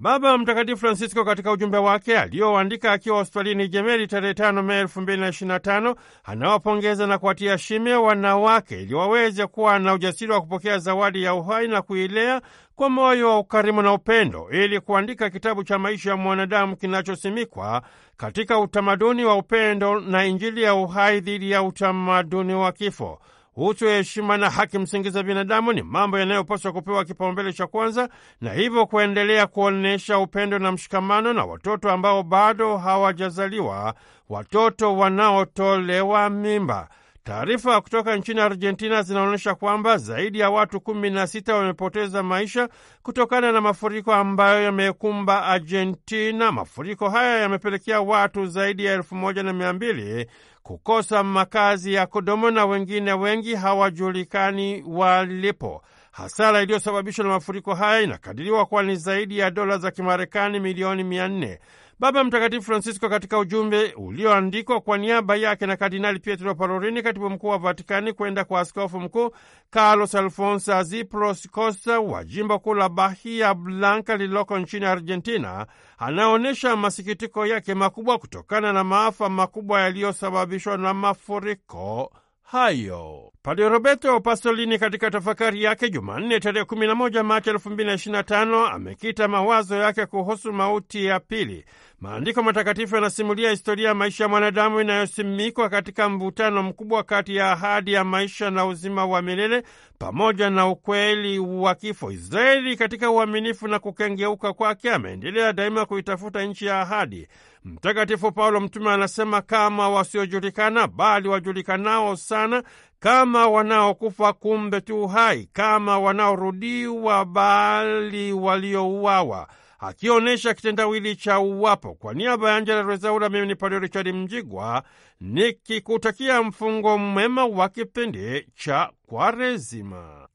Baba Mtakatifu Francisco katika ujumbe wake aliyoandika akiwa hospitalini Jemeli tarehe 5 Mei 2025 anawapongeza na kuwatia shime wanawake ili waweze kuwa na ujasiri wa kupokea zawadi ya uhai na kuilea kwa moyo wa ukarimu na upendo ili kuandika kitabu cha maisha ya mwanadamu kinachosimikwa katika utamaduni wa upendo na Injili ya uhai dhidi ya utamaduni wa kifo utu, heshima na haki msingi za binadamu ni mambo yanayopaswa kupewa kipaumbele cha kwanza, na hivyo kuendelea kuonyesha upendo na mshikamano na watoto ambao bado hawajazaliwa, watoto wanaotolewa mimba. Taarifa kutoka nchini Argentina zinaonyesha kwamba zaidi ya watu kumi na sita wamepoteza maisha kutokana na mafuriko ambayo yamekumba Argentina. Mafuriko haya yamepelekea watu zaidi ya elfu moja na mia mbili kukosa makazi ya kudumu na wengine wengi hawajulikani walipo. Hasara iliyosababishwa na mafuriko haya inakadiriwa kuwa ni zaidi ya dola za Kimarekani milioni mia nne. Baba Mtakatifu Francisco katika ujumbe ulioandikwa kwa niaba yake na Kardinali Pietro parorini katibu mkuu wa Vatikani, kwenda kwa askofu mkuu Carlos Alfonso Azipros Costa wa jimbo kuu la Bahia Blanka lililoko nchini Argentina, anaonyesha masikitiko yake makubwa kutokana na maafa makubwa yaliyosababishwa na mafuriko hayo. Padre Roberto Pasolini katika tafakari yake Jumanne tarehe 11 Machi 2025 amekita mawazo yake kuhusu mauti ya pili. Maandiko matakatifu yanasimulia historia ya maisha ya mwanadamu inayosimikwa katika mvutano mkubwa kati ya ahadi ya maisha na uzima wa milele pamoja na ukweli wa kifo. Israeli katika uaminifu na kukengeuka kwake ameendelea daima kuitafuta nchi ya ahadi. Mtakatifu Paulo mtume anasema, kama wasiojulikana bali wajulikanao sana kama wanaokufa kumbe tu hai, kama wanaorudiwa bali waliouawa, akionyesha kitendawili cha uwapo. Kwa niaba ya Angela Rezaula, mimi ni Padre Richard Mjigwa nikikutakia mfungo mwema wa kipindi cha Kwaresima.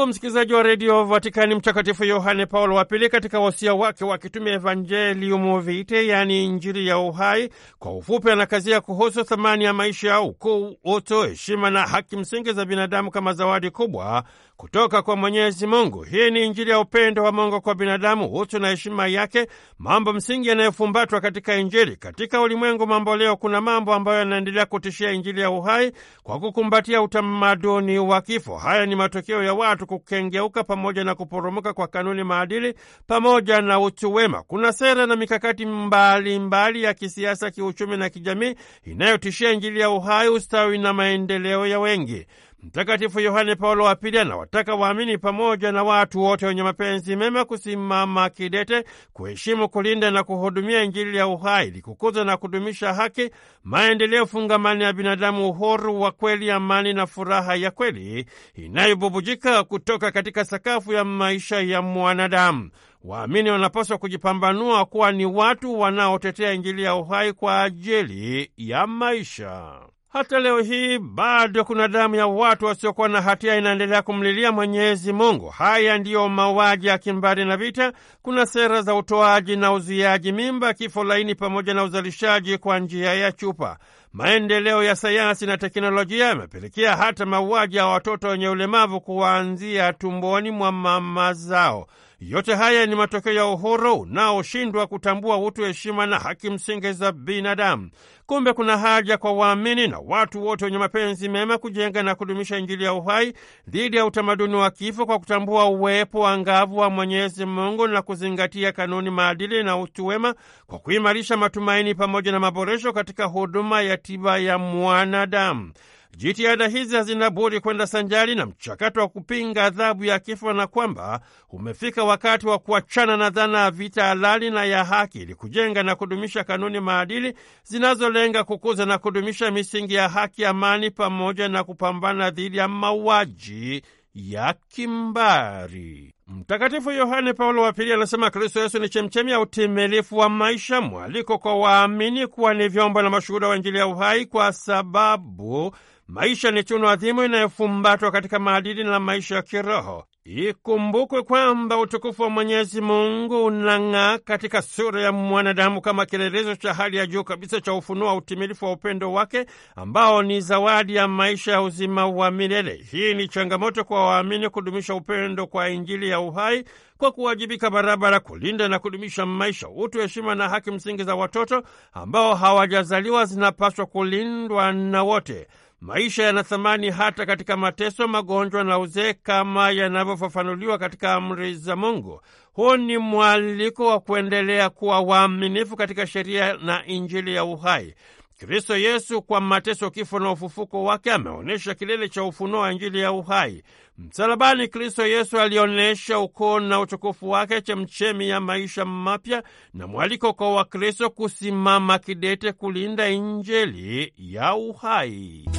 Ndugu msikilizaji wa redio Vatikani, Mtakatifu Yohane Paulo wa Pili katika wasia wake wa kutumia Evangelium Vitae, yaani Injili ya uhai kwa ufupi, anakazia kuhusu thamani ya maisha, ukuu, utu, heshima na haki msingi za binadamu kama zawadi kubwa kutoka kwa Mwenyezi Mungu. Hii ni Injili ya upendo wa Mungu kwa binadamu, utu na heshima yake, mambo msingi yanayofumbatwa katika Injili. Katika ulimwengu mambo leo, kuna mambo ambayo yanaendelea kutishia Injili ya uhai kwa kukumbatia utamaduni wa kifo. Haya ni matokeo ya watu kukengeuka pamoja na kuporomoka kwa kanuni maadili pamoja na utu wema. Kuna sera na mikakati mbalimbali mbali ya kisiasa, kiuchumi na kijamii inayotishia Injili ya uhai, ustawi na maendeleo ya wengi. Mtakatifu Yohane Paulo wa Pili anawataka waamini pamoja na watu wote wenye mapenzi mema kusimama kidete, kuheshimu, kulinda na kuhudumia Injili ya uhai ili kukuza na kudumisha haki, maendeleo fungamani ya binadamu, uhuru wa kweli, amani na furaha ya kweli inayobubujika kutoka katika sakafu ya maisha ya mwanadamu. Waamini wanapaswa kujipambanua kuwa ni watu wanaotetea Injili ya uhai kwa ajili ya maisha. Hata leo hii bado kuna damu ya watu wasiokuwa na hatia inaendelea kumlilia Mwenyezi Mungu. Haya ndiyo mauaji ya kimbari na vita. Kuna sera za utoaji na uzuiaji mimba, kifo laini, pamoja na uzalishaji kwa njia ya chupa. Maendeleo ya sayansi na teknolojia yamepelekea hata mauaji ya watoto wenye ulemavu kuwaanzia tumboni mwa mama zao. Yote haya ni matokeo ya uhuru unaoshindwa kutambua utu, heshima na haki msingi za binadamu. Kumbe kuna haja kwa waamini na watu wote wenye mapenzi mema kujenga na kudumisha Injili ya uhai dhidi ya utamaduni wa kifo kwa kutambua uwepo wa ngavu wa Mwenyezi Mungu na kuzingatia kanuni, maadili na utu wema kwa kuimarisha matumaini pamoja na maboresho katika huduma ya tiba ya mwanadamu. Jitihada hizi hazina budi kwenda sanjari na mchakato wa kupinga adhabu ya kifo, na kwamba umefika wakati wa kuachana na dhana ya vita halali na ya haki ili kujenga na kudumisha kanuni maadili zinazolenga kukuza na kudumisha misingi ya haki, amani, pamoja na kupambana dhidi ya mauaji ya kimbari. Mtakatifu Yohane Paulo wa Pili anasema Kristo Yesu ni chemchemi ya utimilifu wa maisha, mwaliko kwa waamini kuwa ni vyombo na mashuhuda wa Injili ya uhai, kwa sababu maisha ni tunu adhimu inayofumbatwa katika maadili na maisha ya kiroho. Ikumbukwe kwamba utukufu wa Mwenyezi Mungu unang'aa katika sura ya mwanadamu kama kielelezo cha hali ya juu kabisa cha ufunuo wa utimilifu wa upendo wake ambao ni zawadi ya maisha ya uzima wa milele. Hii ni changamoto kwa waamini kudumisha upendo kwa Injili ya uhai kwa kuwajibika barabara kulinda na kudumisha maisha, utu, heshima na haki msingi za watoto ambao hawajazaliwa zinapaswa kulindwa na wote. Maisha yana thamani hata katika mateso, magonjwa na uzee, kama yanavyofafanuliwa katika amri za Mungu. Huu ni mwaliko wa kuendelea kuwa waaminifu katika sheria na Injili ya uhai. Kristo Yesu kwa mateso, kifo na ufufuko wake ameonyesha kilele cha ufunuo wa Injili ya uhai. Msalabani, Kristo Yesu alionyesha ukoo na utukufu wake, chemchemi ya maisha mapya na mwaliko kwa Wakristo kusimama kidete kulinda Injili ya uhai.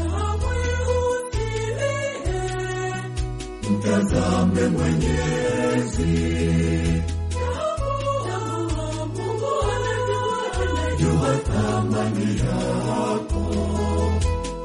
mtazame Mwenyezi. Jua thamani yako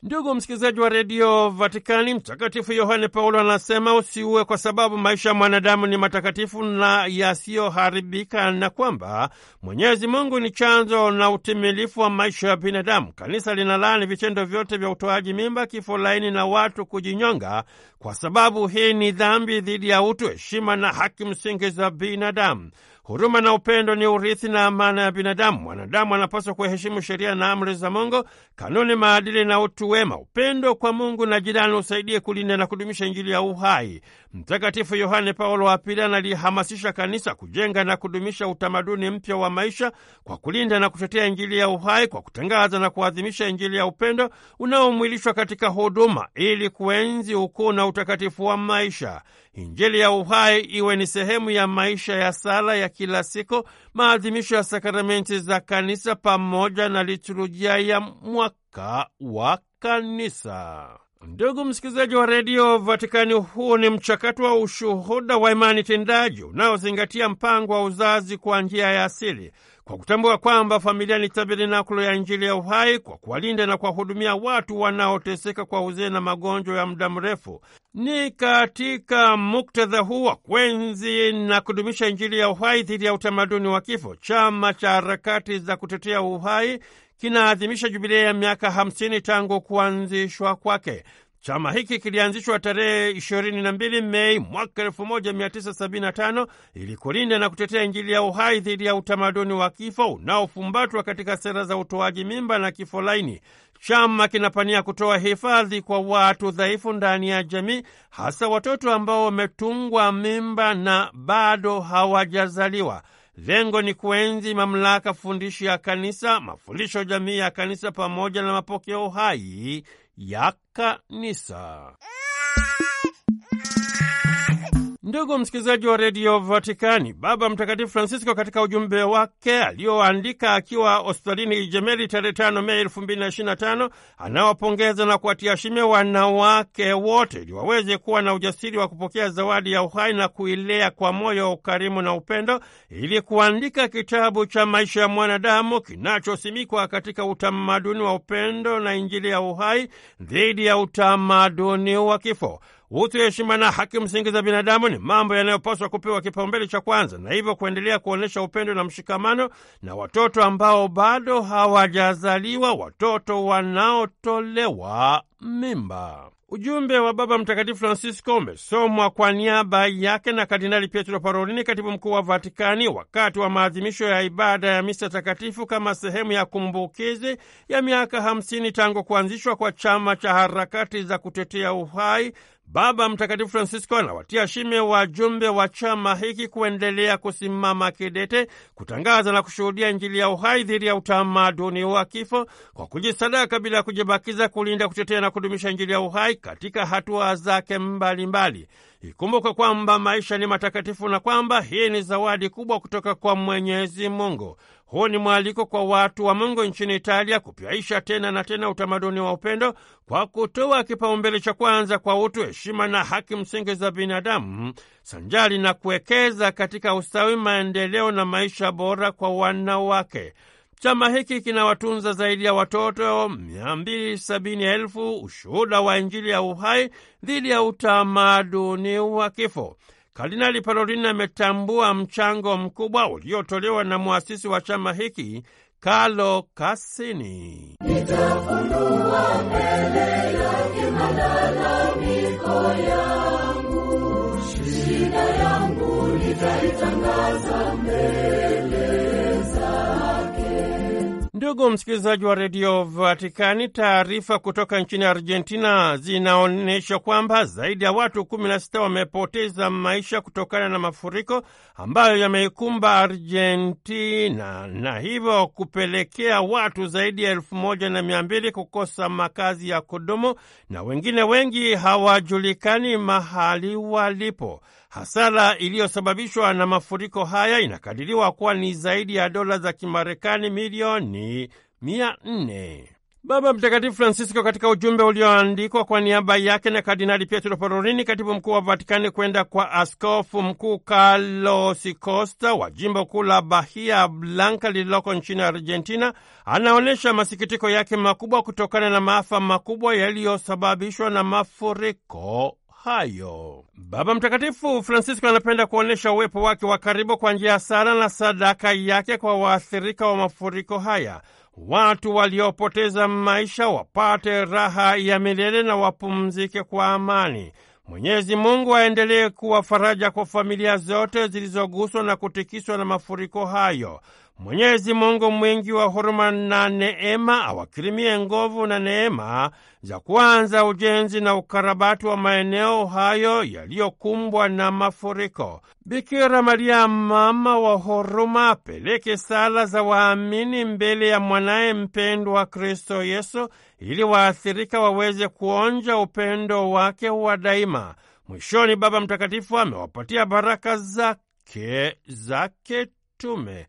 Ndugu msikilizaji wa redio Vatikani, Mtakatifu Yohane Paulo anasema usiue kwa sababu maisha ya mwanadamu ni matakatifu na yasiyoharibika, na kwamba Mwenyezi Mungu ni chanzo na utimilifu wa maisha ya binadamu. Kanisa linalaani vitendo vyote vya utoaji mimba, kifo laini na watu kujinyonga, kwa sababu hii ni dhambi dhidi ya utu, heshima na haki msingi za binadamu. Huruma na upendo ni urithi na amana ya binadamu. Mwanadamu anapaswa kuheshimu sheria na amri za Mungu, kanuni, maadili na utu wema. Upendo kwa Mungu na jirani usaidie kulinda na kudumisha Injili ya uhai. Mtakatifu Yohane Paulo wa Pili analihamasisha kanisa kujenga na kudumisha utamaduni mpya wa maisha kwa kulinda na kutetea Injili ya uhai, kwa kutangaza na kuadhimisha Injili ya upendo unaomwilishwa katika huduma, ili kuenzi ukuu na utakatifu wa maisha. Injili ya uhai iwe ni sehemu ya maisha ya sala ya kila siku, maadhimisho ya sakramenti za kanisa pamoja na liturujia ya mwaka wa kanisa. Ndugu msikilizaji wa redio Vatikani, huu ni mchakato wa ushuhuda wa imani tendaji unaozingatia mpango wa uzazi kwa njia ya asili, kwa kutambua kwamba familia ni tabernakulo ya Injili ya uhai, kwa kuwalinda na kuwahudumia watu wanaoteseka kwa uzee na magonjwa ya muda mrefu. Ni katika muktadha huu wa kwenzi na kudumisha Injili ya uhai dhidi ya utamaduni wa kifo, chama cha harakati za kutetea uhai kinaadhimisha jubilei ya miaka 50 tangu kuanzishwa kwake. Chama hiki kilianzishwa tarehe 22 Mei mwaka 1975 ili kulinda na kutetea Injili ya uhai dhidi ya utamaduni wa kifo unaofumbatwa katika sera za utoaji mimba na kifo laini. Chama kinapania kutoa hifadhi kwa watu dhaifu ndani ya jamii, hasa watoto ambao wametungwa mimba na bado hawajazaliwa. Lengo ni kuenzi mamlaka fundishi ya kanisa, mafundisho jamii ya kanisa, pamoja na mapokeo hai ya kanisa. Ndugu msikilizaji wa redio Vatikani, Baba Mtakatifu Francisco katika ujumbe wake alioandika akiwa hospitalini Ijemeli tarehe tano Mei elfu mbili na ishirini na tano anawapongeza na kuwatia shime wanawake wote ili waweze kuwa na ujasiri wa kupokea zawadi ya uhai na kuilea kwa moyo wa ukarimu na upendo ili kuandika kitabu cha maisha ya mwanadamu kinachosimikwa katika utamaduni wa upendo na Injili ya uhai dhidi ya utamaduni wa kifo. Utu, heshima na haki msingi za binadamu ni mambo yanayopaswa kupewa kipaumbele cha kwanza, na hivyo kuendelea kuonyesha upendo na mshikamano na watoto ambao bado hawajazaliwa, watoto wanaotolewa mimba. Ujumbe wa Baba Mtakatifu Francisco umesomwa kwa niaba yake na Kardinali Pietro Parolini, katibu mkuu wa Vatikani, wakati wa maadhimisho ya ibada ya misa takatifu kama sehemu ya kumbukizi ya miaka hamsini tangu kuanzishwa kwa chama cha harakati za kutetea uhai Baba Mtakatifu Francisco anawatia shime wajumbe wa chama hiki kuendelea kusimama kidete kutangaza na kushuhudia Injili ya uhai dhidi ya utamaduni wa kifo kwa kujisadaka bila ya kujibakiza, kulinda, kutetea na kudumisha Injili ya uhai katika hatua zake mbalimbali mbali. Ikumbuke kwamba maisha ni matakatifu na kwamba hii ni zawadi kubwa kutoka kwa Mwenyezi Mungu. Huu ni mwaliko kwa watu wa Mungu nchini Italia kupyaisha tena na tena utamaduni wa upendo kwa kutoa kipaumbele cha kwanza kwa utu, heshima na haki msingi za binadamu, sanjari na kuwekeza katika ustawi, maendeleo na maisha bora kwa wanawake. Chama hiki kinawatunza zaidi ya watoto mia mbili ushuhuda wa Injili ya uhai dhidi ya utamaduni wa kifo. Kardinali Parolin ametambua mchango mkubwa uliotolewa na mwasisi wa chama hiki Carlo Kasini. shida yangu nitaitangaza mbele Ndugu msikilizaji wa redio Vatikani, taarifa kutoka nchini Argentina zinaonyesha kwamba zaidi ya watu kumi na sita wamepoteza maisha kutokana na mafuriko ambayo yameikumba Argentina na hivyo kupelekea watu zaidi ya elfu moja na mia mbili kukosa makazi ya kudumu na wengine wengi hawajulikani mahali walipo. Hasara iliyosababishwa na mafuriko haya inakadiriwa kuwa ni zaidi ya dola za Kimarekani milioni mia nne. Baba Mtakatifu Francisco katika ujumbe ulioandikwa kwa niaba yake na Kardinali Pietro Parolini, katibu mkuu wa Vatikani, kwenda kwa askofu mkuu Carlos Costa wa jimbo kuu la Bahia Blanka lililoko nchini Argentina, anaonyesha masikitiko yake makubwa kutokana na maafa makubwa yaliyosababishwa na mafuriko hayo. Baba Mtakatifu Francisco anapenda kuonyesha uwepo wake wa karibu kwa njia ya sala na sadaka yake kwa waathirika wa mafuriko haya. Watu waliopoteza maisha wapate raha ya milele na wapumzike kwa amani. Mwenyezi Mungu aendelee kuwa faraja kwa familia zote zilizoguswa na kutikiswa na mafuriko hayo. Mwenyezi Mungu mwingi wa huruma na neema awakirimie nguvu na neema za kuanza ujenzi na ukarabati wa maeneo hayo yaliyokumbwa na mafuriko. Bikira Maria, mama wa huruma, apeleke sala za waamini mbele ya mwanaye mpendwa Kristo Yesu, ili waathirika waweze kuonja upendo wake wa daima. Mwishoni, Baba Mtakatifu amewapatia baraka zake zake utume.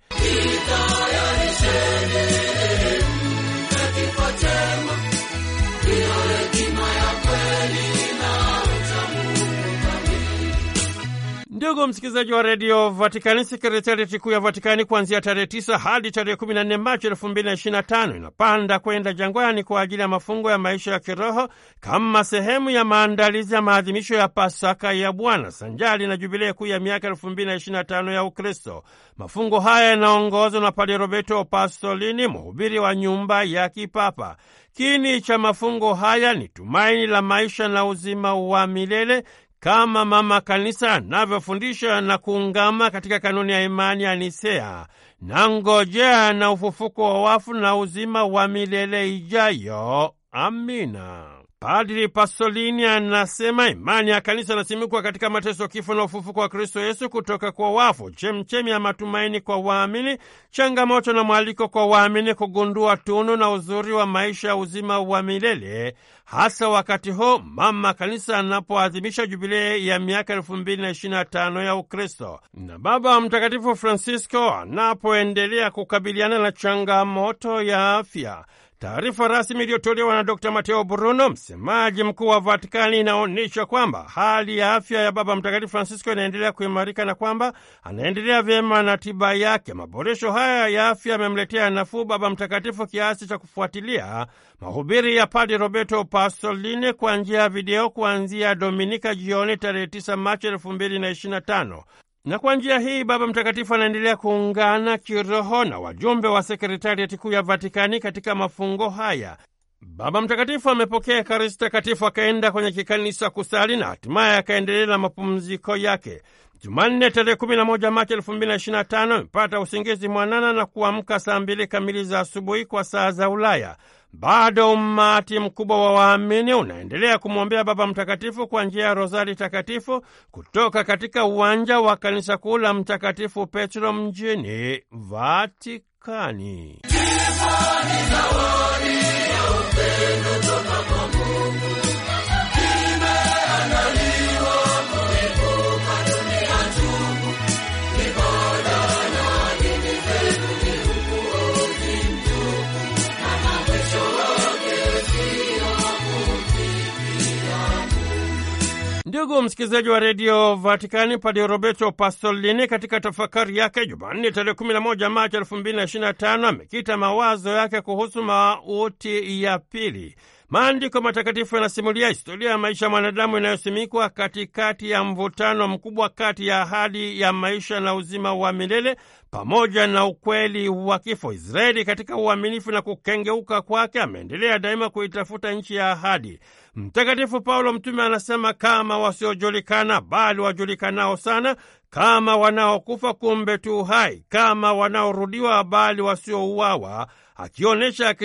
Ndugu msikilizaji wa redio Vatikani, sekretarieti kuu ya Vatikani kuanzia tarehe 9 hadi tarehe 14 Machi 225 inapanda kwenda jangwani kwa ajili ya mafungo ya maisha ya kiroho kama sehemu ya maandalizi ya maadhimisho ya Pasaka ya Bwana sanjali na jubilei kuu ya miaka 225 ya Ukristo. Mafungo haya yanaongozwa na Padre Roberto Pasolini, mhubiri wa nyumba ya kipapa. Kini cha mafungo haya ni tumaini la maisha na uzima wa milele kama mama kanisa navyofundisha na kuungama katika kanuni ya imani ya Nisea na ngojea na ufufuko wa wafu na uzima wa milele ijayo. Amina. Padri Pasolini anasema imani ya kanisa inasimikwa katika mateso, kifo na ufufuko wa Kristo Yesu kutoka kwa wafu, chemchemi ya matumaini kwa waamini, changamoto na mwaliko kwa waamini kugundua tunu na uzuri wa maisha ya uzima wa milele, hasa wakati huu mama kanisa anapoadhimisha jubilei ya miaka elfu mbili na ishirini na tano ya Ukristo na Baba wa Mtakatifu Francisco anapoendelea kukabiliana na changamoto ya afya. Taarifa rasmi iliyotolewa na Dr Mateo Bruno, msemaji mkuu wa Vatikani, inaonyesha kwamba hali ya afya ya Baba Mtakatifu Francisco inaendelea kuimarika na kwamba anaendelea vyema na tiba yake. Maboresho haya ya afya yamemletea nafuu Baba Mtakatifu kiasi cha kufuatilia mahubiri ya Padre Roberto Pasolini kwa njia ya video kuanzia Dominika jioni tarehe 9 Machi 2025 na kwa njia hii Baba Mtakatifu anaendelea kuungana kiroho na wajumbe wa sekretariati kuu ya Vatikani katika mafungo haya. Baba Mtakatifu amepokea Ekaristi Takatifu, akaenda kwenye kikanisa kusali na hatimaye akaendelea na mapumziko yake. Jumanne tarehe 11 Machi tano amepata usingizi mwanana na kuamka saa mbili kamili za asubuhi kwa saa za Ulaya. Bado umati mkubwa wa waamini unaendelea kumwombea Baba Mtakatifu kwa njia ya rozari takatifu kutoka katika uwanja wa kanisa kuu la Mtakatifu Petro mjini Vatikani yenu tuna pamoja. Ndugu msikilizaji wa redio Vatikani, Padi Roberto Pasolini katika tafakari yake Jumanne tarehe 11 Machi 2025 amekita mawazo yake kuhusu mauti ya pili. Maandiko matakatifu yanasimulia historia ya maisha ya mwanadamu inayosimikwa katikati ya mvutano mkubwa kati ya ahadi ya maisha na uzima wa milele pamoja na ukweli wa kifo. Israeli katika uaminifu na kukengeuka kwake ameendelea daima kuitafuta nchi ya ahadi. Mtakatifu Paulo mtume anasema, kama wasiojulikana bali wajulikanao sana, kama wanaokufa kumbe tu hai, kama wanaorudiwa bali wasiouawa, akionyesha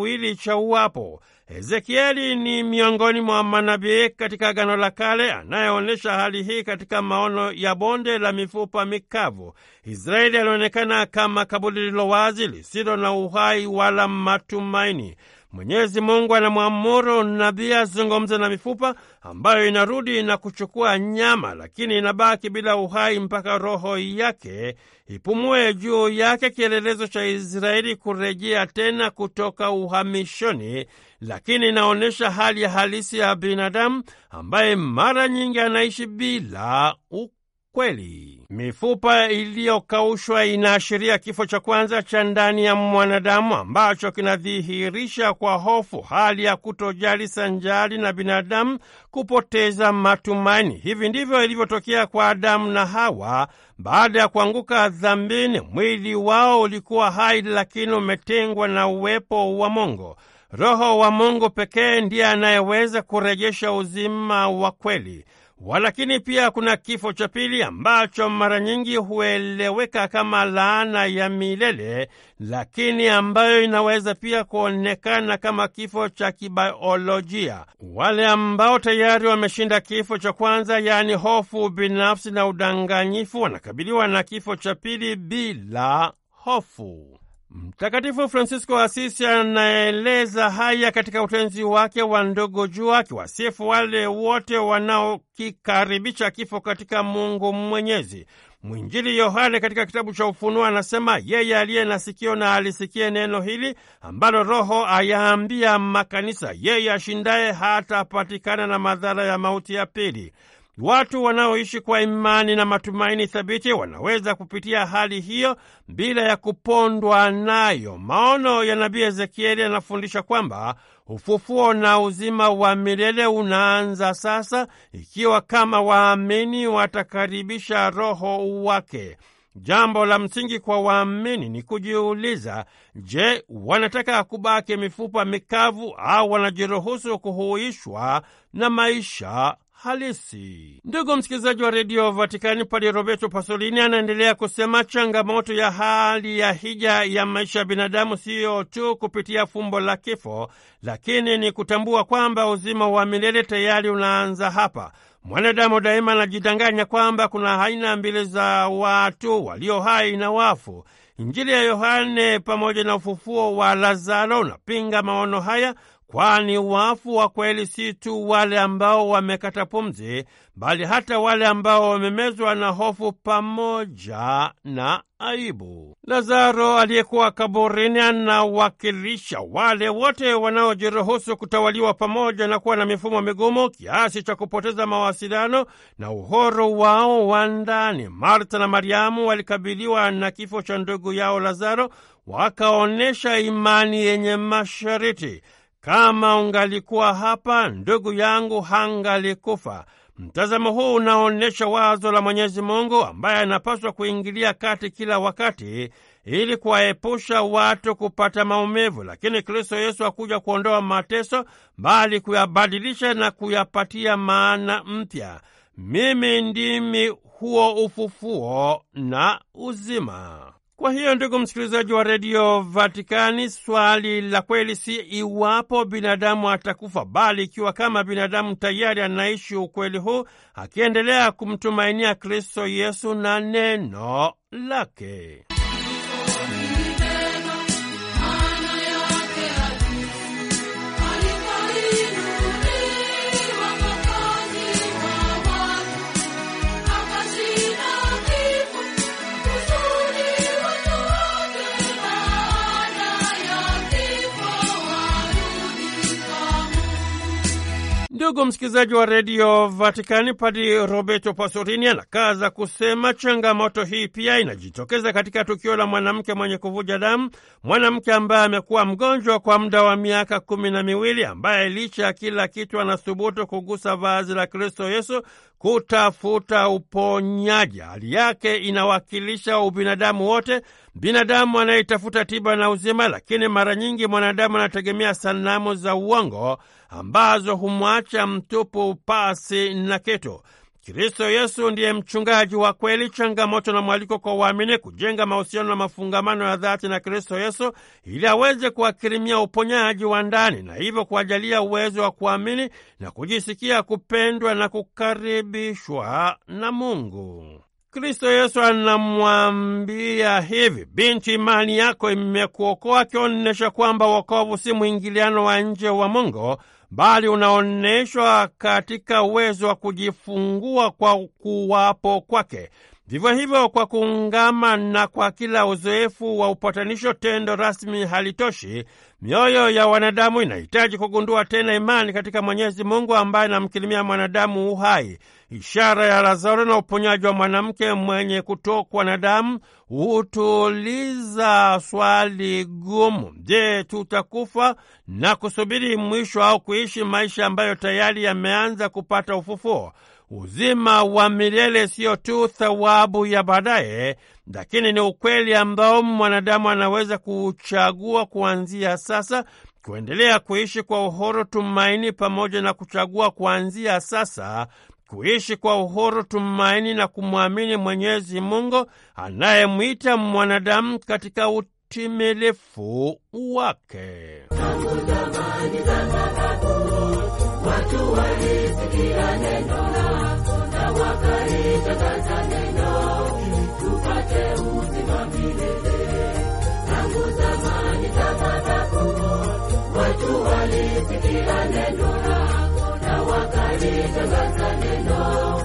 wili cha uwapo. Ezekieli ni miongoni mwa manabii katika Agano la Kale anayeonyesha hali hii katika maono ya bonde la mifupa mikavu. Israeli alionekana kama kaburi lilo wazi lisilo na uhai wala matumaini. Mwenyezi Mungu anamwamuru nabii azungumze na mifupa ambayo inarudi na kuchukua nyama, lakini inabaki bila uhai mpaka roho yake ipumue juu yake, kielelezo cha Israeli kurejea tena kutoka uhamishoni, lakini inaonyesha hali ya halisi ya binadamu ambaye mara nyingi anaishi bila uku kweli. Mifupa iliyokaushwa inaashiria kifo cha kwanza cha ndani ya mwanadamu ambacho kinadhihirisha kwa hofu hali ya kutojali sanjali na binadamu kupoteza matumaini. Hivi ndivyo ilivyotokea kwa Adamu na Hawa. Baada ya kuanguka dhambini, mwili wao ulikuwa hai, lakini umetengwa na uwepo wa Mungu. Roho wa Mungu pekee ndiye anayeweza kurejesha uzima wa kweli. Walakini pia kuna kifo cha pili ambacho mara nyingi hueleweka kama laana ya milele, lakini ambayo inaweza pia kuonekana kama kifo cha kibaiolojia. Wale ambao tayari wameshinda kifo cha kwanza, yaani hofu binafsi na udanganyifu, wanakabiliwa na kifo cha pili bila hofu. Mtakatifu fransisco wa Asisi anaeleza haya katika utenzi wake wa ndogo juu, akiwasifu wale wote wanaokikaribisha kifo katika Mungu Mwenyezi. Mwinjili Yohane katika kitabu cha Ufunuo anasema yeye aliye na sikio na alisikie neno hili ambalo Roho ayaambia makanisa, yeye ashindaye hatapatikana na madhara ya mauti ya pili. Watu wanaoishi kwa imani na matumaini thabiti wanaweza kupitia hali hiyo bila ya kupondwa nayo. Maono ya nabii Ezekieli yanafundisha kwamba ufufuo na uzima wa milele unaanza sasa, ikiwa kama waamini watakaribisha Roho wake. Jambo la msingi kwa waamini ni kujiuliza, je, wanataka kubaki mifupa mikavu au wanajiruhusu kuhuishwa na maisha halisi. Ndugu msikilizaji wa redio Vatikani, Padi Roberto Pasolini anaendelea kusema changamoto ya hali ya hija ya maisha ya binadamu siyo tu kupitia fumbo la kifo, lakini ni kutambua kwamba uzima wa milele tayari unaanza hapa. Mwanadamu daima anajidanganya kwamba kuna aina mbili za watu, walio hai na wafu. Injili ya Yohane pamoja na ufufuo wa Lazaro unapinga maono haya kwani wafu wa kweli si tu wale ambao wamekata pumzi, bali hata wale ambao wamemezwa na hofu pamoja na aibu. Lazaro aliyekuwa kaburini anawakilisha wale wote wanaojiruhusu kutawaliwa pamoja na kuwa na mifumo migumu kiasi cha kupoteza mawasiliano na uhuru wao wa ndani. Marta na Mariamu walikabiliwa na kifo cha ndugu yao Lazaro, wakaonyesha imani yenye mashariti. Kama ungalikuwa hapa, ndugu yangu hangalikufa. Mtazamo huu unaonyesha wazo la Mwenyezi Mungu ambaye anapaswa kuingilia kati kila wakati ili kuwaepusha watu kupata maumivu. Lakini Kristo Yesu hakuja kuondoa mateso, bali kuyabadilisha na kuyapatia maana mpya. Mimi ndimi huo ufufuo na uzima. Kwa hiyo ndugu msikilizaji wa redio Vatikani, swali la kweli si iwapo binadamu atakufa, bali ikiwa kama binadamu tayari anaishi ukweli huu, akiendelea kumtumainia Kristo Yesu na neno lake. Ndugu msikilizaji wa redio Vatikani, Padi Roberto Pasolini anakaza kusema changamoto hii pia inajitokeza katika tukio la mwanamke mwenye kuvuja damu, mwanamke ambaye amekuwa mgonjwa kwa muda wa miaka kumi na miwili, ambaye licha ya kila kitu anathubutu kugusa vazi la Kristo Yesu kutafuta uponyaji. Hali yake inawakilisha ubinadamu wote, binadamu anayetafuta tiba na uzima, lakini mara nyingi mwanadamu anategemea sanamu za uongo ambazo humwacha mtupu pasi na kitu. Kristo Yesu ndiye mchungaji wa kweli, changamoto na mwaliko kwa waamini kujenga mahusiano na mafungamano ya dhati na Kristo Yesu ili aweze kuwakirimia uponyaji wa ndani na hivyo kuwajalia uwezo wa kuamini na kujisikia kupendwa na kukaribishwa na Mungu. Kristo Yesu anamwambia hivi: binti, imani yako imekuokoa, akionyesha kwamba wokovu si mwingiliano wa nje wa Mungu, bali unaonyeshwa katika uwezo wa kujifungua kwa kuwapo kwake. Vivyo hivyo, kwa kuungama na kwa kila uzoefu wa upatanisho, tendo rasmi halitoshi. Mioyo ya wanadamu inahitaji kugundua tena imani katika Mwenyezi Mungu ambaye anamkirimia mwanadamu uhai. Ishara ya Lazaro na uponyaji wa mwanamke mwenye kutokwa na damu hutuliza swali gumu: je, tutakufa na kusubiri mwisho au kuishi maisha ambayo tayari yameanza kupata ufufuo? uzima wa milele siyo tu thawabu ya baadaye, lakini ni ukweli ambao mwanadamu anaweza kuuchagua kuanzia sasa, kuendelea kuishi kwa uhuru, tumaini pamoja na kuchagua kuanzia sasa kuishi kwa uhuru, tumaini na kumwamini Mwenyezi Mungu anayemwita mwanadamu katika utimilifu wake. Tangu zamani za mababu watu walisikia neno tutaitaza neno tupate uzima watu walisikia neno lako na wakalitangaza neno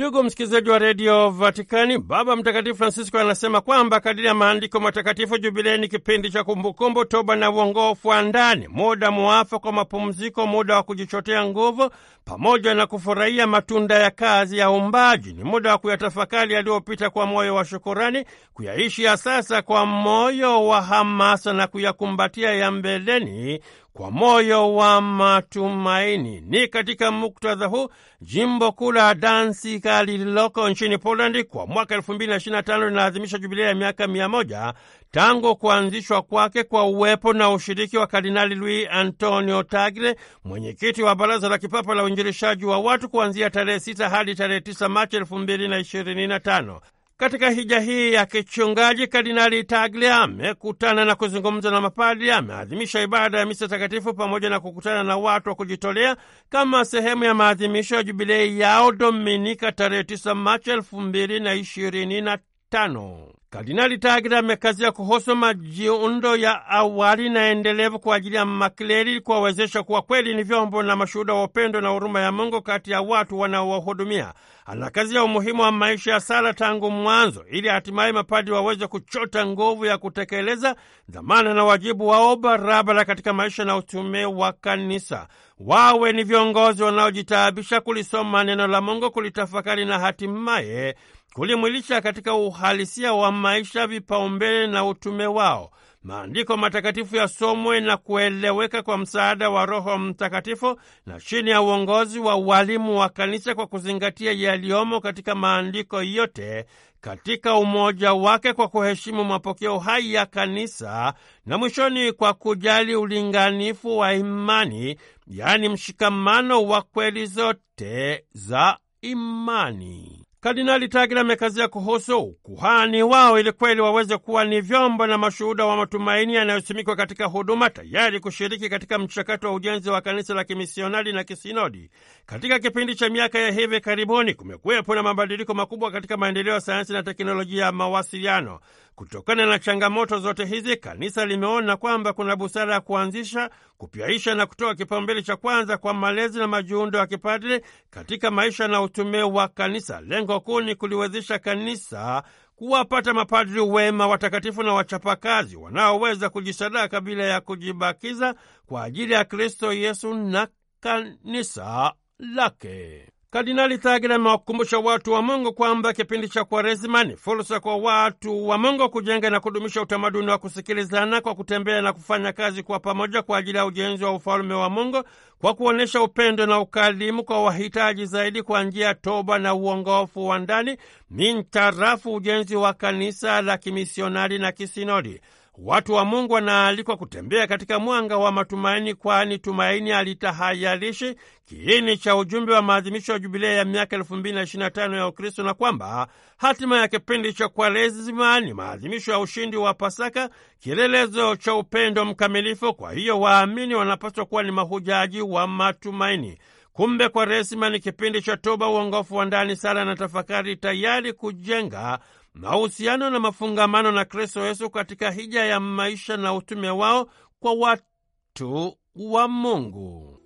Ndugu msikilizaji wa redio Vatikani, Baba Mtakatifu Francisco anasema kwamba kadiri ya maandiko matakatifu, jubilei ni kipindi cha kumbukumbu, toba na uongofu wa ndani, muda mwafa kwa mapumziko, muda wa kujichotea nguvu pamoja na kufurahia matunda ya kazi ya umbaji. Ni muda wa kuyatafakari yaliyopita kwa moyo wa shukurani, kuyaishi ya sasa kwa moyo wa hamasa na kuyakumbatia ya mbeleni kwa moyo wa matumaini. Ni katika muktadha huu jimbo kuu la Danzika lililoko nchini Polandi kwa mwaka 2025 linaadhimisha jubilia ya miaka mia moja tangu kuanzishwa kwake kwa uwepo na ushiriki wa Kardinali Luis Antonio Tagle, mwenyekiti wa Baraza la Kipapa la uinjirishaji wa Watu, kuanzia tarehe 6 hadi tarehe 9 Machi 2025. Katika hija hii ya kichungaji, Kardinali Tagle amekutana na kuzungumza na mapadri, ameadhimisha ibada ya misa takatifu pamoja na kukutana na watu wa kujitolea kama sehemu ya maadhimisho ya jubilei yao Dominika tarehe 9 Machi elfu mbili na ishirini na tano. Kardinali Tagira amekazia kuhusu majiundo ya awali na endelevu kwa ajili ya makleri kuwawezesha kuwa kweli ni vyombo na mashuhuda wa upendo na huruma ya Mungu kati ya watu wanaowahudumia. Anakazia umuhimu wa maisha ya sala tangu mwanzo, ili hatimaye mapadi waweze kuchota nguvu ya kutekeleza dhamana na wajibu wao barabara katika maisha na utume wa kanisa. Wawe ni viongozi wanaojitaabisha kulisoma neno la Mungu, kulitafakari na hatimaye kulimwilisha katika uhalisia wa maisha vipaumbele na utume wao. Maandiko matakatifu yasomwe na kueleweka kwa msaada wa Roho Mtakatifu na chini ya uongozi wa walimu wa kanisa kwa kuzingatia yaliyomo katika maandiko yote katika umoja wake kwa kuheshimu mapokeo hai ya kanisa na mwishoni kwa kujali ulinganifu wa imani, yaani mshikamano wa kweli zote za imani. Kardinali Tagle amekazia kuhusu ukuhani wao ili kweli waweze kuwa ni vyombo na mashuhuda wa matumaini yanayosimikwa katika huduma, tayari kushiriki katika mchakato wa ujenzi wa kanisa la kimisionari na kisinodi. Katika kipindi cha miaka ya hivi karibuni, kumekuwepo na mabadiliko makubwa katika maendeleo ya sayansi na teknolojia ya mawasiliano. Kutokana na changamoto zote hizi, kanisa limeona kwamba kuna busara ya kuanzisha kupyaisha na kutoa kipaumbele cha kwanza kwa malezi na majiundo ya kipadri katika maisha na utume wa kanisa. Lengo kuu ni kuliwezesha kanisa kuwapata mapadri wema, watakatifu na wachapakazi wanaoweza kujisadaka bila ya kujibakiza kwa ajili ya Kristo Yesu na kanisa lake. Kardinali Tagila amewakumbusha watu wa Mungu kwamba kipindi cha Kwaresima ni fursa kwa watu wa Mungu kujenga na kudumisha utamaduni wa kusikilizana kwa kutembea na kufanya kazi kwa pamoja kwa ajili ya ujenzi wa ufalume wa Mungu kwa kuonyesha upendo na ukarimu kwa wahitaji zaidi kwa njia ya toba na uongofu wa ndani mintarafu ujenzi wa kanisa la kimisionari na kisinodi. Watu wa Mungu wanaalikwa kutembea katika mwanga wa matumaini, kwani tumaini alitahayarishi kiini cha ujumbe wa maadhimisho ya jubilei ya miaka 2025 ya Ukristo, na kwamba hatima ya kipindi cha Kwaresima ni maadhimisho ya ushindi wa Pasaka, kielelezo cha upendo mkamilifu. Kwa hiyo waamini wanapaswa kuwa ni mahujaji wa matumaini. Kumbe Kwaresima ni kipindi cha toba, uongofu wa ndani, sala na tafakari, tayari kujenga mahusiano na mafungamano na Kristo Yesu katika hija ya maisha na utume wao kwa watu wa Mungu.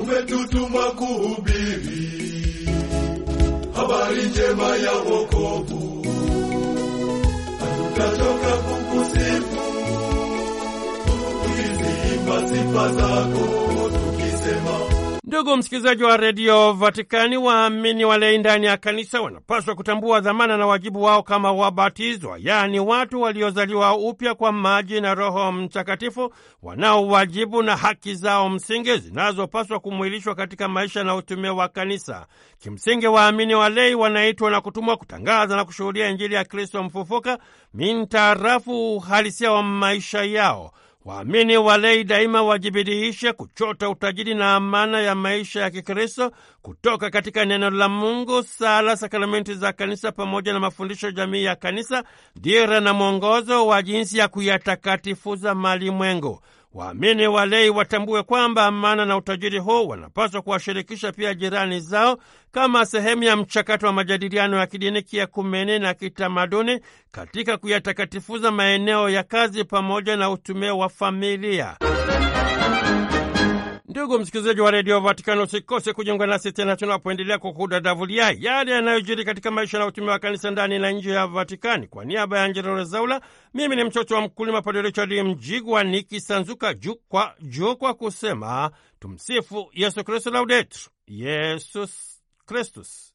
Umetutuma kuhubiri habari njema ya wokovu, hatutachoka kukusifu tukiziimba sifa zako Ndugu msikilizaji wa redio Vatikani, waamini walei ndani ya kanisa wanapaswa kutambua dhamana na wajibu wao kama wabatizwa, yaani watu waliozaliwa upya kwa maji na Roho Mtakatifu, wanaowajibu na haki zao msingi zinazopaswa kumwilishwa katika maisha na utume wa kanisa. Kimsingi, waamini walei wanaitwa na kutumwa kutangaza na kushuhudia Injili ya Kristo mfufuka mintarafu uhalisia wa maisha yao. Waamini walei daima wajibidiishe kuchota utajiri na amana ya maisha ya Kikristo kutoka katika neno la Mungu, sala, sakramenti za kanisa pamoja na mafundisho jamii ya kanisa, dira na mwongozo wa jinsi ya kuyatakatifuza mali mwengu Waamini walei watambue kwamba amana na utajiri huu wanapaswa kuwashirikisha pia jirani zao kama sehemu ya mchakato wa majadiliano ya kidini, kiakumeni na kitamaduni katika kuyatakatifuza maeneo ya kazi pamoja na utumia wa familia. Ndugu msikilizaji wa redio Vatikani, usikose kujiunga nasi tena tunapoendelea kukudadavulia yale yanayojiri katika maisha na utume wa kanisa ndani na nje ya Vatikani. Kwa niaba ya Angela Rezaula, mimi ni mtoto wa mkulima Padre Richard Mjigwa nikisanzuka juu kwa juu kwa kusema tumsifu Yesu Kristu, laudetur Yesus Kristus.